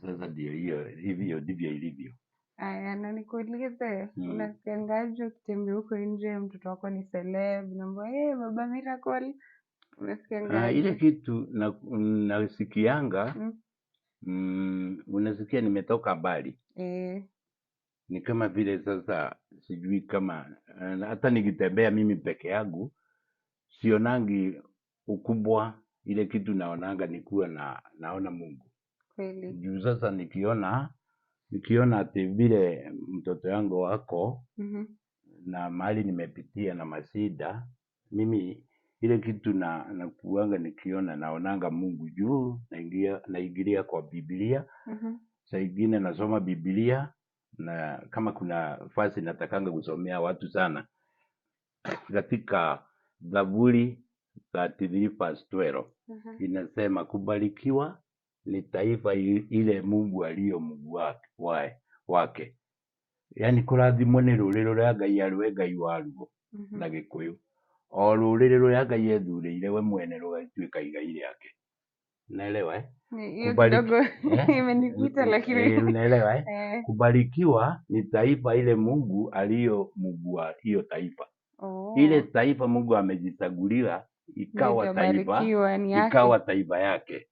sasa ndio hiyo hivyo ndivyo ilivyo. Aya, na nikuulize hmm. Unasikiangaje ukitembea huko nje mtoto wako ni celeb, naambia hey, eh, baba miracle unasikiangaje? Ah, ile kitu na, nasikianga hmm. mm, unasikia nimetoka mbali eh ni kama vile sasa, sijui kama hata nikitembea mimi peke yangu sionangi ukubwa ile kitu, naonanga nikuwa na naona Mungu Kweli. Juu sasa nikiona nikiona ati vile mtoto yangu wako mm -hmm. na mali nimepitia na masida, mimi ile kitu na nakuanga nikiona naonanga Mungu juu, naingia naingilia kwa Biblia mm -hmm. saingine nasoma Biblia na kama kuna fasi natakanga kusomea watu sana katika Zaburi 33 uh -huh. inasema kubarikiwa ni taifa ile Mungu aliyo Mungu wake, yaani kũrathimwo nĩ rũrĩrĩ rũrĩa Ngai arũe Ngai waruo mm-hmm. na gikuyu o rũrĩrĩ rũrĩa Ngai ethurĩire we mwene rũgatuĩka igai rĩake. Naelewa eh? eh? eh Naelewa eh? eh? Kubarikiwa ni taifa ile Mungu aliyo Mungu wa hiyo taifa. Oh. Ile taifa Mungu amejitagulia ikawa taifa, ikawa taifa yake.